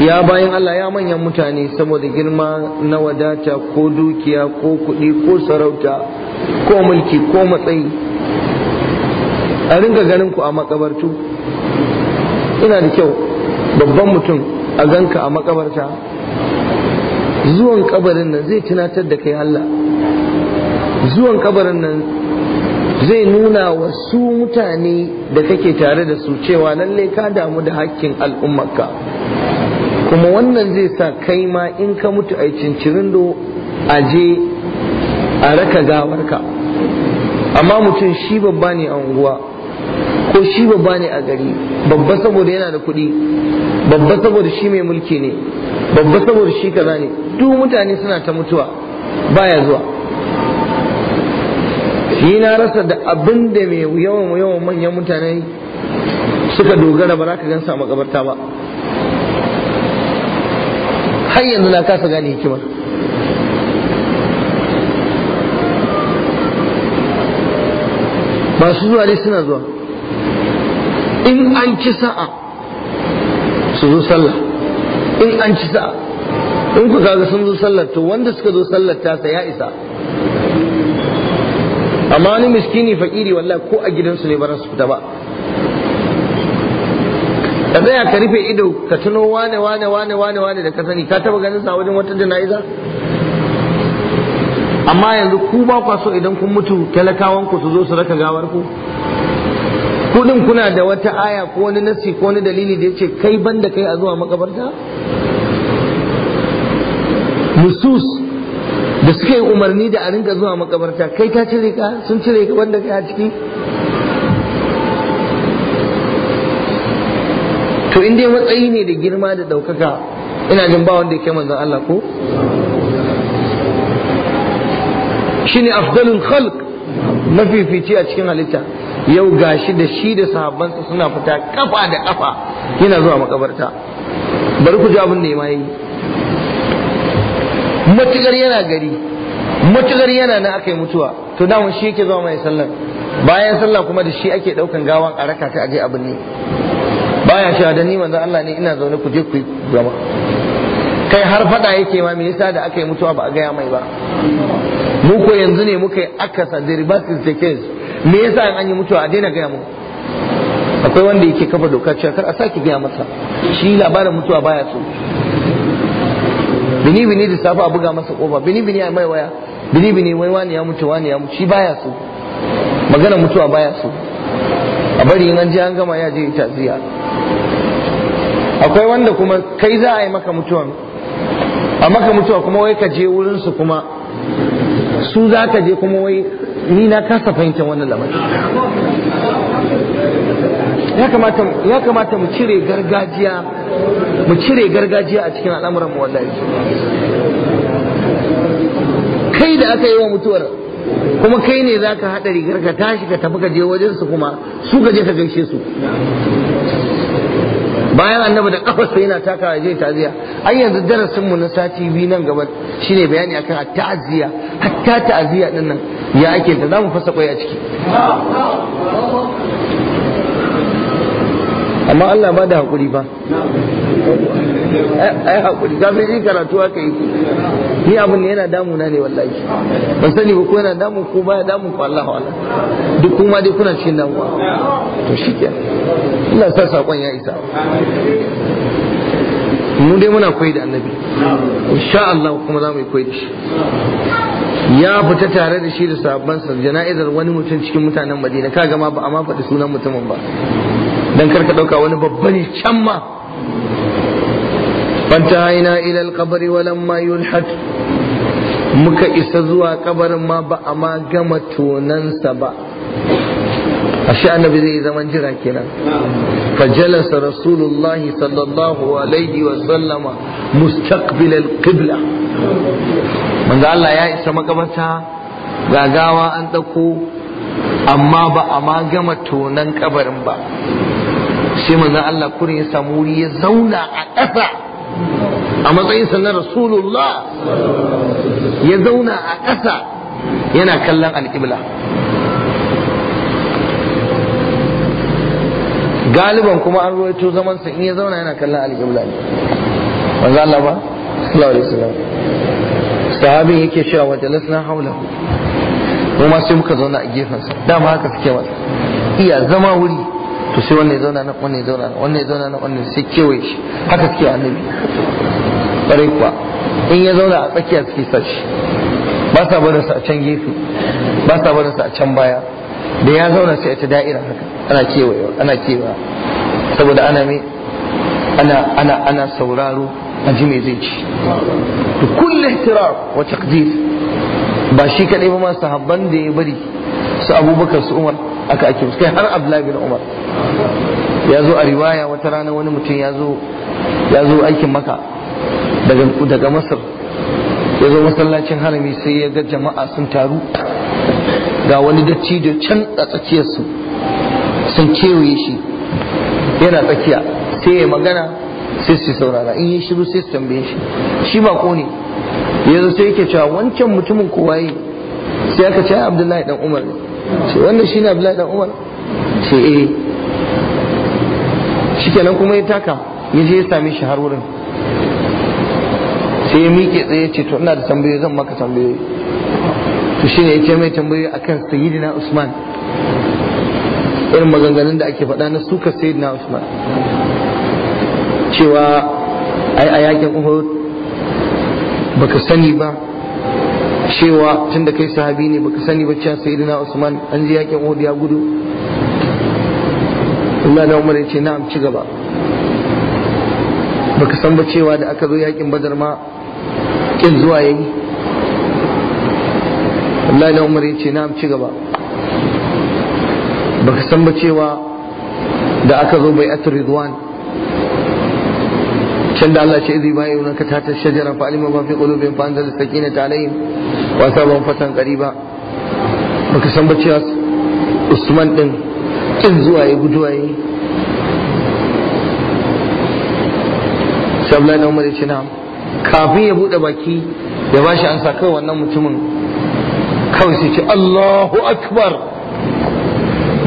ya bayan Allah ya manyan mutane saboda girma na wadata ko dukiya ko kuɗi ko sarauta ko mulki ko matsayi a ringa ganin ku a makabartu ina da kyau babban mutum a ganka a makabarta zuwan kabarin nan zai tunatar da kai Allah zuwan kabarin nan zai nuna wasu mutane da kake tare da su cewa lalle ka damu da hakkin al'ummarka kuma wannan zai sa kai ma in ka mutu a do a je a raka gawarka amma mutum shi babba ne a unguwa ko shi babba ne a gari babba saboda yana da kuɗi babba saboda shi mai mulki ne babba saboda shi kaza ne duk mutane suna ta mutuwa baya zuwa shi na rasa da abin da mai yawan yawan manyan mutane suka dogara ba za ka gan samu makabarta ba har yanzu na kasa gane hikimar masu zuwa dai suna zuwa in an ci sa'a su zo sallah in an ci sa'a in ku kaga sun zo sallar to wanda suka zo sallar tasa ya isa amma ni miskini fakiri wallahi ko a gidansu ne ba su fita ba ka tsaya ka rufe ido ka tuno wane wane wane wane wane da ka sani ka taba ganin sa wajen wata jana'iza amma yanzu ku ba kwa so idan kun mutu talakawan ku su zo su raka gawar ku kudin kuna da wata aya ko wani nasi ko wani dalili da ya ce kai banda kai a zuwa makabarta nusus da suka yi umarni da a rinka zuwa makabarta kai ta cire ka sun cire ka wanda kai a ciki to in dai matsayi ne da girma da ɗaukaka ina jin ba wanda ya kai manzon Allah ko shine afdalin khalq mafifici a cikin halitta yau gashi da shi da sahabbansa suna fita kafa da kafa yana zuwa makabarta bari ku ji abin da ya yi matukar yana gari matukar yana na aka yi mutuwa to daman shi yake zuwa mai sallar bayan sallah kuma da shi ake daukan gawan a raka ta aje abin ne baya cewa da ni manzo Allah ne ina zaune ku je ku gaba kai har fada yake ma me yasa da aka yi mutuwa ba a gaya mai ba mu ko yanzu ne muka yi akasa the reverse is the case me yasa in an yi mutuwa a daina gaya mu akwai wanda yake kafa doka cewa kar a sake gaya masa shi labarin mutuwa baya so bini bini da safa a buga masa kofa bini bini a mai waya bini bini wai wani ya mutu wani ya mutu shi baya so magana mutuwa baya so a bari in an je an gama ya je ziya akwai wanda kuma kai za a yi maka mutuwa a maka mutuwa kuma wai ka je wurin su kuma su za ka je kuma wai ni na kasa fahimtar wannan lamarin ya kamata ya mu cire gargajiya mu cire gargajiya a cikin al'amuran mu wallahi kai da aka yi wa mutuwar kuma kai ne za ka haɗa rigar ka tashi ka tafi ka je wajen su kuma su ka je ka gaishe su bayan annabi da sai yana taka ya taziya ai yanzu darasin mu na sati biyu nan gaba shine bayani akan at-ta'ziya hatta ta'aziyya din nan ya ake ta za mu fasa kwai a ciki amma Allah ba da hakuri ba ai haƙuri ka fi yin karatu aka yi ni abin yana damuna ne wallahi ban sani ba ko yana damun ko baya damun ko Allah wala duk kuma dai kuna cikin damuwa to shi ke Allah sa saƙon ya isa mu dai muna koyi da annabi insha Allah kuma za mu yi koyi da shi ya fita tare da shi da sabansa jana'izar wani mutum cikin mutanen madina kaga ma ba a ma faɗi sunan mutumin ba dan karka ɗauka wani babban ne can ma fantahaina ila alqabri walamma yulhat muka isa zuwa kabarin ma ba a ma gama tonansa ba ashe annabi zai zaman jira kenan فجلس رسول sallallahu alaihi wa sallama, وسلم مستقبل manzo Allah ya isa makabarta gagawa an dauko amma ba a ma gama tonan kabarin ba sai manzo Allah kurin ya samu wuri ya zauna a ƙasa a matsayinsa na rasulullah ya zauna a ƙasa yana kallon alƙibla galiban kuma an ruwaito zamansa in ya zauna yana kallon alƙibla ne manzo Allah ba sallallahu alaihi wasallam sahabin yake cewa wa jalasna haulahu mu ma sai muka zauna a gefen gefensa dama haka suke masa iya zama wuri to sai wannan ya zauna na wannan ya zauna na wannan ya zauna na wannan sai kewaye shi haka suke annabi bare kuwa in ya zauna a tsakiya suke sa shi ba sa barin sa a can gefe ba sa barin sa a can baya da ya zauna sai a ta da'ira haka ana kewaye ana kewa saboda ana me ana ana ana sauraro a ji mai zai ci to kullu ihtiram wa taqdir ba shi kadai ba ma sahabban da ya bari su abubakar su umar aka ake musu kai har abdullahi na umar ya zo a riwaya wata rana wani mutum ya zo aikin maka daga masar ya zo masallacin harami sai ya ga jama'a sun taru ga wani dattijo can a tsakiyarsu sun kewaye shi yana tsakiya sai ya magana sai su saurara in yi shiru sai su tambaye shi shi ba ko ne yanzu sai yake cewa wancan mutumin ko waye sai aka ce abdullahi dan umar ne ce wannan ne abdullahi dan umar ce eh nan kuma ya taka ya je ya same shi har wurin sai ya miƙe tsaye ce to ina da tambayoyi zan maka tambayoyi to shi ne ya ce mai tambayoyi akan sayyidina usman irin maganganun da ake faɗa na suka sayyidina usman cewa ai a yakin uhud baka sani ba cewa tun da kai sahabi ne baka sani ba cewa sayyidina usman an ji yakin uhud ya gudu Allah da Umar ya ce na'am ci gaba baka san ba cewa da aka zo yakin badar ma kin zuwa yayi Allah da Umar ya ce na'am ci gaba baka san ba cewa da aka zo bai atur ridwan can da Allah ce izi ba yau ka tata shajara fa alima ma fi qulubihim fa anzala sakinata ba wa asabahum fatan qariba baka san bacci Usman ɗin kin zuwa ya guduwa yi sabla na umar ce na kafin ya bude baki ya bashi ansa sa wannan mutumin kawai sai ce Allahu akbar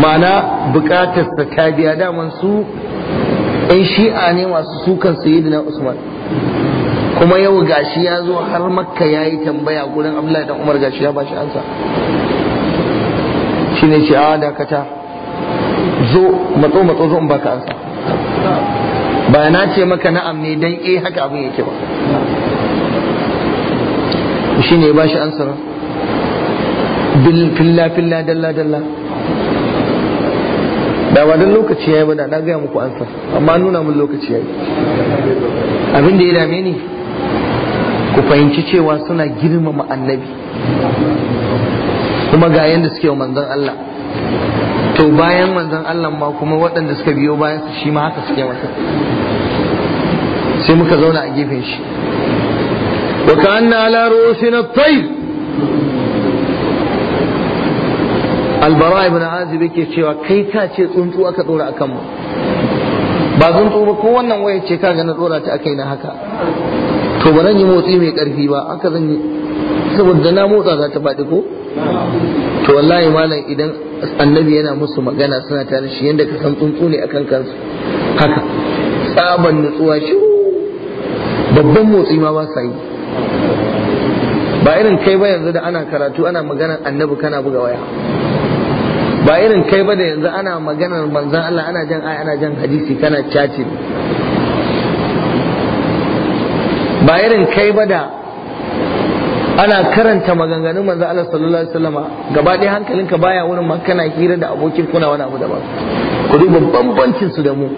ma'ana bukatarsa ta biya daman su yan shi'a ne masu sukan sayyidina usman kuma yau gashi ya zo har makka ya yi tambaya gudun abdullahi dan umar gashi ya ba shi ansa shi ne shi a dakata zo matso matso zo in baka ansa ba na ce maka na'am ne dan eh haka abin yake ba shi ne ba shi ansar filla filla dalla dalla da ba dan lokaci ya ba da na gaya muku an amma nuna mun lokaci ya yi. abin da ya dame ni ku fahimci cewa suna girmama annabi kuma ga yadda suke wa manzon Allah to bayan manzon Allah ma kuma waɗanda suka biyo bayan su shi ma haka suke masa sai muka zauna a gefen shi wa ala ru'usina albara ibn azib yake cewa kai ka ce tsuntsu aka dora akan mu ba tsuntsu ba ko wannan waya ce kaga na dora ta akai na haka to ba zan yi motsi mai karfi ba aka zan yi saboda na motsa za ta faɗi ko to wallahi malam idan annabi yana musu magana suna tare shi yadda ka san tsuntsu ne akan kansu haka tsaban nutsuwa shi babban motsi ma ba sa yi ba irin kai ba yanzu da ana karatu ana maganar annabi kana buga waya ba irin kai ba da yanzu ana maganar manzan Allah ana jan aya ana jan hadisi kana caci ba irin kai ba da ana karanta maganganun manzan Allah sallallahu alaihi wasallam gaba ɗaya hankalinka baya wurin ma kana hira da abokin kuna wani abu daban ku duba bambancin su da mu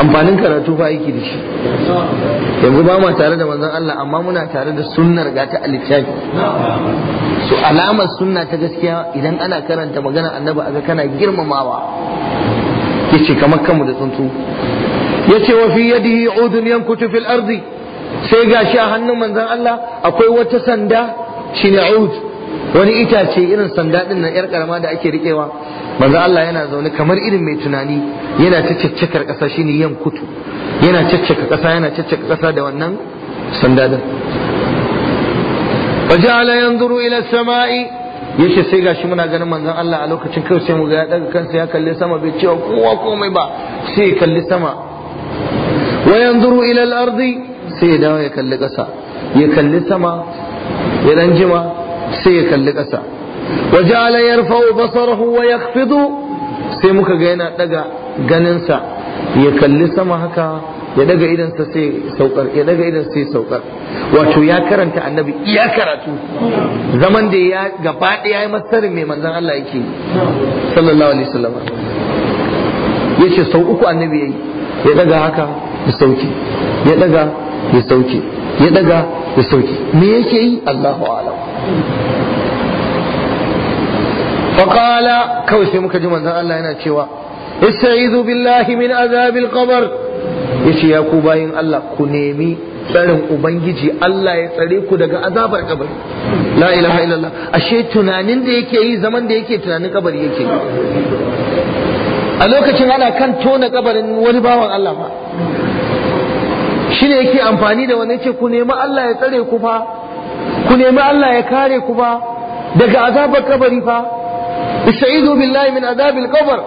amfanin karatu fa aiki da shi yanzu ba ma tare da manzon Allah amma muna tare da sunnar ga ta littafi alamar sunna ta gaskiya idan ana karanta magana annabi aga kana girmamawa yace kamar kanmu da tsuntsu yace wa fi yadihi udun yankutu fil ardi sai gashi a hannun manzon Allah akwai wata sanda shine ud wani itace irin sanda din na yar karama da ake rikewa manzo Allah yana zaune kamar irin mai tunani yana caccakar ƙasa shine yan kutu yana caccaka ƙasa yana caccaka ƙasa da wannan sanda din waja'ala yanzuru ila samai yace sai gashi muna ganin manzon Allah a lokacin kai sai mu ga ya daga kansa ya kalli sama bai cewa kowa komai ba sai ya kalli sama wa yanzuru ila al-ardi sai ya dawo ya kalli ƙasa ya kalli sama ya dan jima sai ya kalli ƙasa wa ja'ala yarfa'u basarahu ya yakhfidu sai muka ga yana daga ganinsa ya kalli sama haka ya daga idansa sai saukar ya daga idan sai saukar wato ya karanta annabi ya karatu zaman da ya gaba ya ya masarin mai manzon Allah yake sallallahu alaihi wasallam yace sau uku annabi yayi ya daga haka ya sauke ya daga ya sauke ya daga ya sauke me yake yi Allahu a'lam faƙala kawai sai muka ji manzan Allah yana cewa ista'izu billahi min azabil qabr yace ya ku bayin Allah ku nemi tsarin ubangiji Allah ya tsare ku daga azabar kabari la ilaha illallah ashe tunanin da yake yi zaman da yake tunanin kabari yake yi a lokacin ana kan tona kabarin wani bawan Allah ba shi ne yake amfani da wani ce ku nemi Allah ya tsare ku fa ku nemi Allah ya kare ku fa daga azabar kabari fa ista'izu billahi min azabil qabr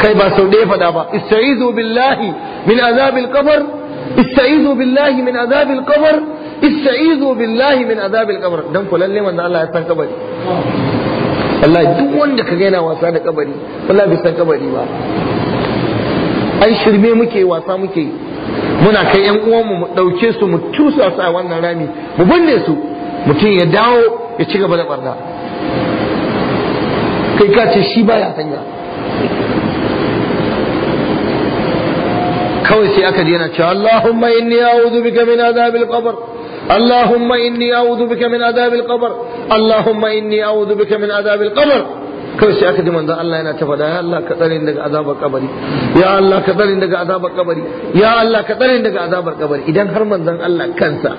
kai ba sau ɗaya faɗa ba ista'izu billahi min azabil qabr ista'izu billahi min azabil qabr ista'izu billahi min azabil qabr dan ku lalle manzo Allah ya san kabari wallahi duk wanda kaga yana wasa da kabari wallahi bai san kabari ba ai shirme muke wasa muke muna kai yan uwanmu mu dauke su mu tusa su a wannan rami mu binne su mutum ya dawo ya ci gaba da barna كي كاتشي شيبا تنيا كويسي أكد ينا اللهم إني أعوذ بك من عذاب القبر اللهم إني أعوذ بك من عذاب القبر اللهم إني أعوذ بك من عذاب القبر kawai sai aka ji manzon Allah yana ta faɗa ya Allah ka tsare daga azabar kabari ya Allah ka tsare daga azabar kabari ya Allah ka tsare daga azabar kabari idan har manzon Allah kansa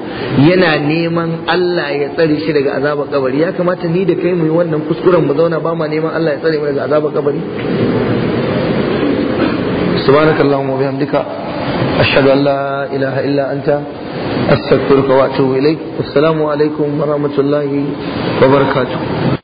yana neman Allah ya tsare shi daga azabar kabari ya kamata ni da kai mu yi wannan kuskuren mu zauna ba ma neman Allah ya tsare mu daga azabar kabari subhanakallahumma wa bihamdika ashhadu an la ilaha illa anta أستغفرك وأتوب إليك والسلام عليكم ورحمة الله وبركاته